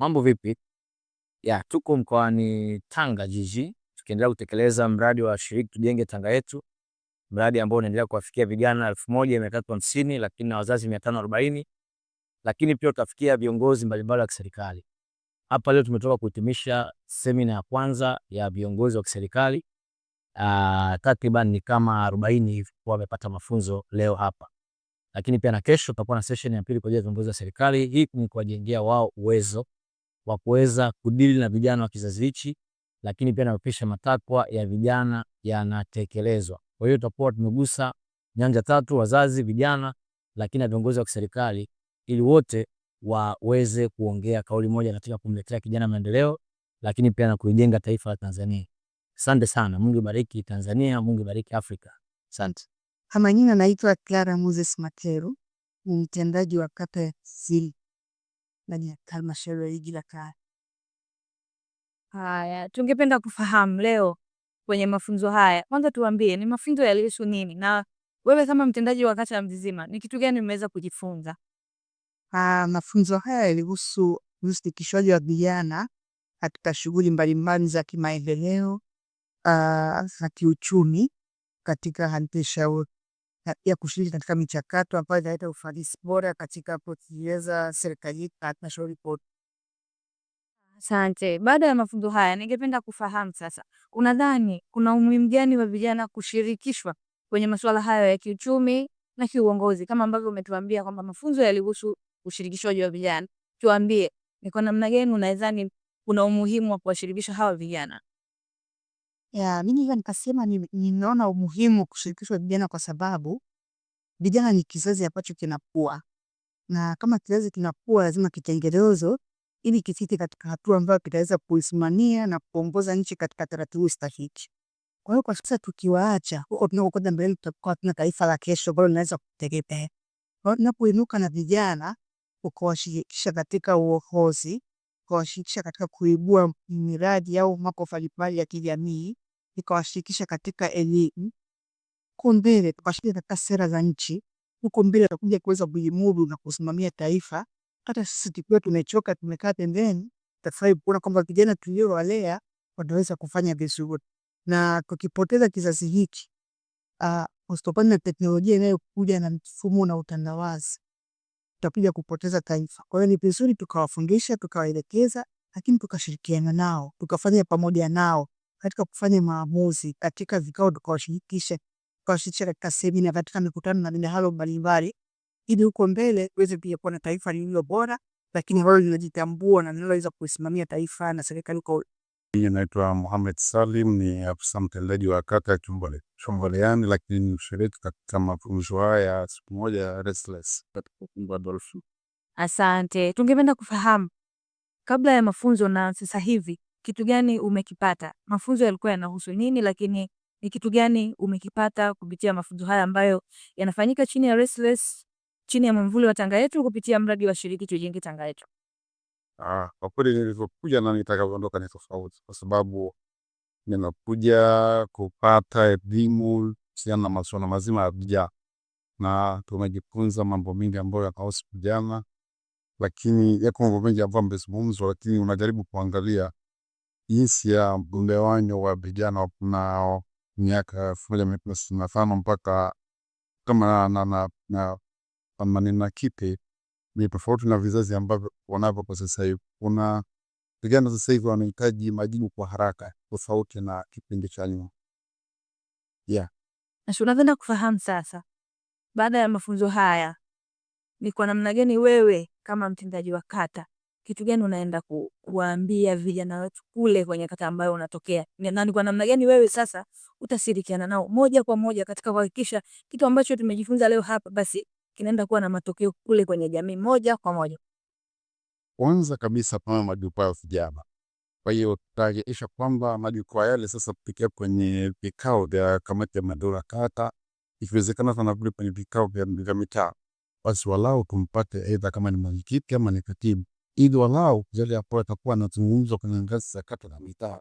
Mambo vipi? Ya, tuko mkoani Tanga jiji tukiendelea kutekeleza mradi wa Shiriki Tujenge Tanga Yetu, mradi ambao unaendelea kuwafikia vijana elfu moja mia tatu hamsini lakini na wazazi mia tano arobaini lakini pia utafikia viongozi mbalimbali wa kiserikali. Hapa leo tumetoka kuhitimisha semina ya kwanza ya viongozi wa kiserikali ah, takriban ni kama 40 hivi wamepata mafunzo leo hapa, lakini pia na kesho tutakuwa na session ya pili kwa ajili ya viongozi wa serikali. Hii ni kuwajengea wao uwezo wa kuweza kudili na vijana wa kizazi hichi, lakini pia napisha matakwa ya vijana yanatekelezwa. Kwa hiyo tutakuwa tumegusa nyanja tatu: wazazi, vijana, lakini na viongozi wa kiserikali, ili wote waweze kuongea kauli moja katika kumletea kijana maendeleo, lakini pia na kuijenga taifa la Tanzania. Asante sana. Mungu ibariki Tanzania, Mungu ibariki Afrika. Asante. Kama jina naitwa Clara Moses Materu, ni mtendaji wa kata ya Kisili halmashauri ya jiji la Tanga. Haya, tungependa kufahamu leo kwenye mafunzo haya, kwanza tuambie ni mafunzo yalihusu nini, na wewe kama mtendaji wa kata ya Mzizima ni kitu gani umeweza kujifunza? Ah, mafunzo haya yalihusu ushirikishwaji wa vijana katika shughuli mbalimbali za kimaendeleo ah, za kiuchumi katika halmashauri na pia kushiriki katika michakato ambayo inaleta ufanisi bora katika kutekeleza serikali na halmashauri bodi. Asante. Baada ya mafunzo haya, ningependa kufahamu sasa, unadhani kuna umuhimu gani wa vijana kushirikishwa kwenye masuala hayo ya kiuchumi na kiuongozi, kama ambavyo umetuambia kwamba mafunzo yalihusu ushirikishwaji wa vijana? Tuambie ni kwa namna gani unadhani kuna umuhimu wa kuwashirikisha hawa vijana? Yeah, mimi hiyo nikasema ninaona ni umuhimu kushirikishwa vijana kwa sababu vijana ni kizazi ambacho kinakua, na kama kizazi kinakua lazima kitengenezwe ili kifike katika hatua ambayo kitaweza kuisimamia na kuongoza nchi katika taratibu stahiki. Kwa hiyo kwa sasa tukiwaacha huko tunakokwenda mbele, tutakuwa tuna taifa la kesho ambalo linaweza kutegemea. Kwa hiyo tunapoinuka na vijana ukawashirikisha katika uongozi nikawashirikisha katika kuibua miradi au mako mbalimbali ya kijamii, nikawashirikisha katika elimu. Huko mbele tukashiriki katika sera za nchi, huko mbele tutakuja kuweza kujimudu na kusimamia taifa. Hata sisi tukiwa tumechoka tumekaa pembeni, tutafurahi kuona kwamba vijana tuliowalea wataweza kufanya vizuri, na tukipoteza kizazi hiki uh, ah, usitokana na teknolojia inayokuja na mfumo na utandawazi tutakuja kupoteza taifa. Kwa hiyo ni vizuri tukawafundisha, tukawaelekeza, lakini tukashirikiana nao, tukafanya pamoja nao katika kufanya maamuzi, katika vikao tukawashirikisha, tukawashirikisha katika semina, katika mikutano na midahalo mbalimbali, ili huko mbele tuweze pia kuwa na taifa lililo bora, lakini ambalo linajitambua na linaloweza kusimamia taifa na serikali kwa mimi naitwa Mohamed Salim ni afisa mtendaji wa kata ya Chomboleani, lakini ni katika mafunzo haya siku moja ya Restless katika ukumbi Dolphin. Asante, tungependa kufahamu kabla ya mafunzo na sasa hivi kitu gani umekipata? Mafunzo yalikuwa yanahusu nini, lakini ni kitu gani umekipata kupitia mafunzo haya ambayo yanafanyika chini ya Restless, chini ya mwamvuli wa Tanga Yetu kupitia mradi wa Shiriki Tujenge Tanga Yetu? Ah, kwa kweli nilivyokuja na nitakavyoondoka ni tofauti, kwa sababu nimekuja kupata elimu kuhusiana na masuala mazima ya vijana, na tumejifunza mambo mengi ambayo yanahusu vijana, lakini yako mambo mengi ambayo amezungumzwa, lakini unajaribu kuangalia jinsi ya mgawanyo wa vijana wakunao miaka elfu moja mia tisa sitini na tano mpaka kama na themanini na kipi ni tofauti na vizazi ambavyo wanavyo kwa sasa hivi. Kuna vijana sasa hivi wanahitaji majibu kwa haraka tofauti na kipindi cha nyuma. Yeah. Napenda kufahamu sasa, baada ya mafunzo haya ni kwa namna gani wewe kama mtendaji wa kata, kitu gani unaenda ku, kuwaambia vijana wetu kule kwenye kata ambayo unatokea, na ni kwa namna gani wewe sasa utashirikiana nao moja kwa moja katika kuhakikisha kitu ambacho tumejifunza leo hapa basi kinaenda kuwa na matokeo kule kwenye jamii moja kwa moja. Kwanza kabisa pana majukwaa ya vijana. Kwa hiyo tutahakikisha kwamba majukwaa yale sasa kupitia kwenye vikao vya kamati ya madola kata, ikiwezekana sana vile kwenye vikao vya mitaa, basi walau tumpate aidha kama ni mwenyekiti ama ni katibu, ili walau yale ambayo yatakuwa yanazungumzwa kwenye ngazi za kata na mitaa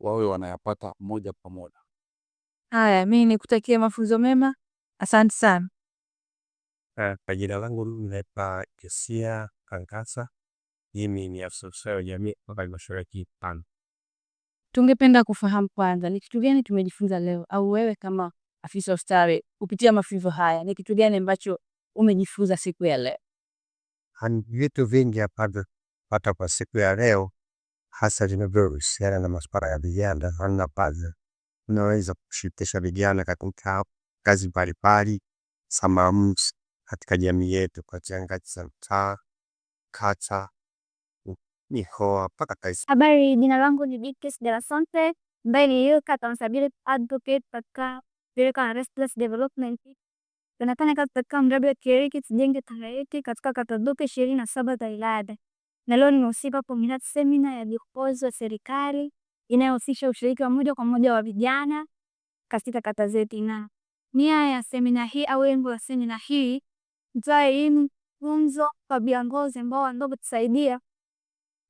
wawe wanayapata moja kwa moja. Haya, mimi nikutakia mafunzo mema, asante sana. Ah, kwa jina langu mimi naitwa Josia Kankasa, mimi ni afisa ustawi wa jamii kutoka halmashauri ya Kipanga. Tungependa kufahamu kwanza, ni kitu gani tumejifunza leo, au wewe kama afisa ustawi kupitia mafunzo haya, ni kitu gani ambacho umejifunza siku ya leo? Ni vitu vingi ambavyo pata kwa siku ya leo, hasa vinavyohusiana na masuala ya vijana, namna ambavyo unaweza kushirikisha vijana katika kazi mbalimbali sambamba katika jamii yetu kuanzia ngazi za mtaa, kata, mikoa mpaka taifa. Habari, jina langu ni Beatrice Sante ambaye ni Youth Accountability Advocate katika shirika la Restless Development. Tunafanya kazi katika mradi wa kiriki tujenge tarehe katika kata Duke ishirini na saba za wilaya, na leo nimehusika kwa semina ya viongozi wa serikali inayohusisha ushiriki wa moja kwa moja wa vijana katika kata zetu. Na nia ya semina hii au lengo la semina hii mtoe inu funzo kwa viongozi ambao wanaweza kutusaidia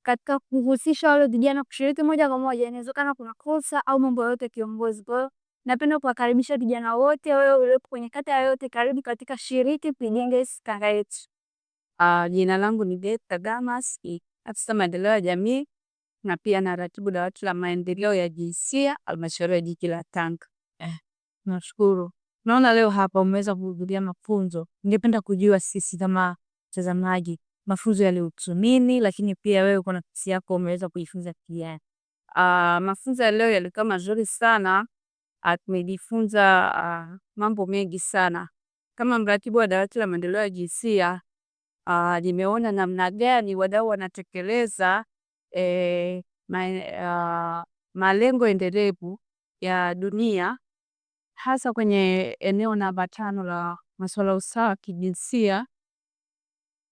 katika kuhusisha wale vijana kushiriki moja kwa moja. kana kuna fursa au mambo yote kiongozi. Kwa hiyo napenda kuwakaribisha vijana wote, wewe uliopo kwenye kata yoyote, karibu katika shiriki tujenge kata yetu. Uh, jina langu ni Betha Damas, afisa maendeleo ya jamii na pia na ratibu dawati la maendeleo ya jinsia halmashauri ya jiji la Tanga. Eh, nashukuru. Naona leo hapa umeweza kuhudhuria mafunzo. Ningependa kujua sisi kama mtazamaji, mafunzo yalihusu nini, lakini pia wewe kwa nafsi yako umeweza kujifunza pia. Uh, mafunzo ya leo yalikuwa mazuri sana. Ah, tumejifunza uh, mambo mengi sana. Kama mratibu wa dawati la maendeleo ya jinsia uh, nimeona namna gani wadau wanatekeleza eh, ma, uh, malengo endelevu ya dunia hasa kwenye eneo namba tano la masuala ya usawa kijinsia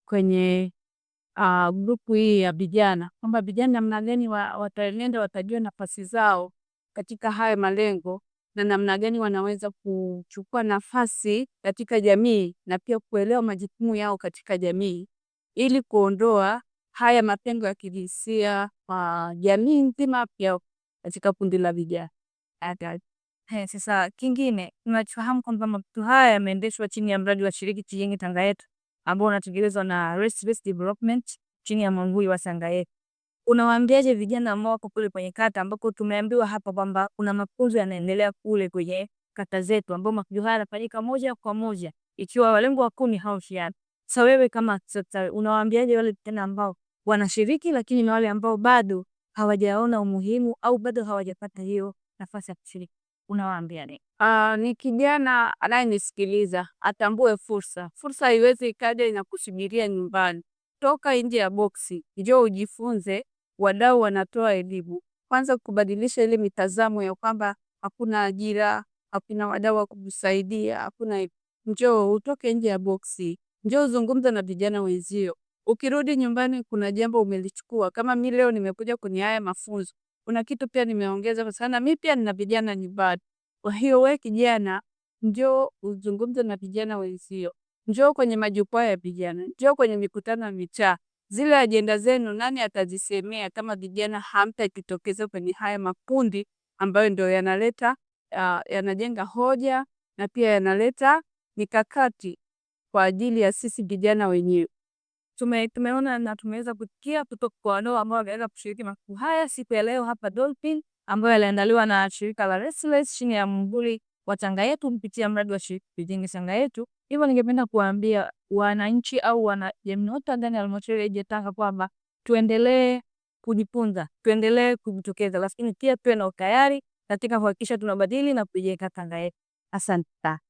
kwenye uh, grupu hii ya vijana, kwamba vijana namna gani wataenenda watajua nafasi zao katika haya malengo na namna gani wanaweza kuchukua nafasi katika jamii na pia kuelewa majukumu yao katika jamii ili kuondoa haya mapengo ya kijinsia kwa jamii nzima, pia katika kundi la vijana. He, sasa kingine tunachofahamu kwamba mapato haya yameendeshwa chini ya mradi wa shiriki Tujenge Tanga Yetu ambao unatekelezwa na Race Based Development chini ya mwamvuli wa Tanga Yetu. Unawaambiaje vijana ambao wako kule kwenye kata ambako tumeambiwa hapa kwamba kuna mafunzo yanaendelea kule kwenye kata zetu ambao mafunzo haya yanafanyika moja kwa moja ikiwa walengo wakuu ni hao vijana. Sasa wewe kama sasa unawaambiaje wale vijana ambao wanashiriki lakini na wale ambao bado hawajaona umuhimu au bado hawajapata hiyo nafasi ya kushiriki? unawaambiaje? Uh, ah, ni kijana anayenisikiliza atambue fursa. Fursa haiwezi ikaja inakusubiria nyumbani. Toka nje ya boksi, njoo ujifunze. Wadau wanatoa elimu. Kwanza kubadilisha ile mitazamo ya kwamba hakuna ajira, hakuna wadau wa kukusaidia, hakuna. Njoo utoke nje ya boksi, njoo zungumza na vijana wenzio. Ukirudi nyumbani, kuna jambo umelichukua. Kama mi leo nimekuja kwenye haya mafunzo, kuna kitu pia nimeongeza kwa sana, mimi pia nina vijana nyumbani. Kwa hiyo wewe kijana, njoo uzungumze na vijana wenzio, njoo kwenye majukwaa ya vijana, njoo kwenye mikutano ya mitaa. Zile ajenda zenu nani atazisemea kama vijana hamtajitokeza kwenye haya makundi ambayo ndio yanaleta uh, yanajenga hoja na pia yanaleta mikakati kwa ajili ya sisi vijana wenyewe tume, tumeona na tumeweza kusikia kutoka kwa wadau ambao wameweza kushiriki makuu haya siku ya leo hapa Dolphin ambayo yaliandaliwa na shirika la Restless chini ya mvuli wa Tanga yetu kupitia mradi wa shirika Tujenge Tanga yetu. Hivyo ningependa kuwaambia wananchi au wanajamii wote ndani ya halmashauri ya Tanga kwamba tuendelee kujifunza, tuendelee kujitokeza, lakini pia tuwe na utayari katika kuhakikisha tunabadili na kujenga Tanga yetu. Asante.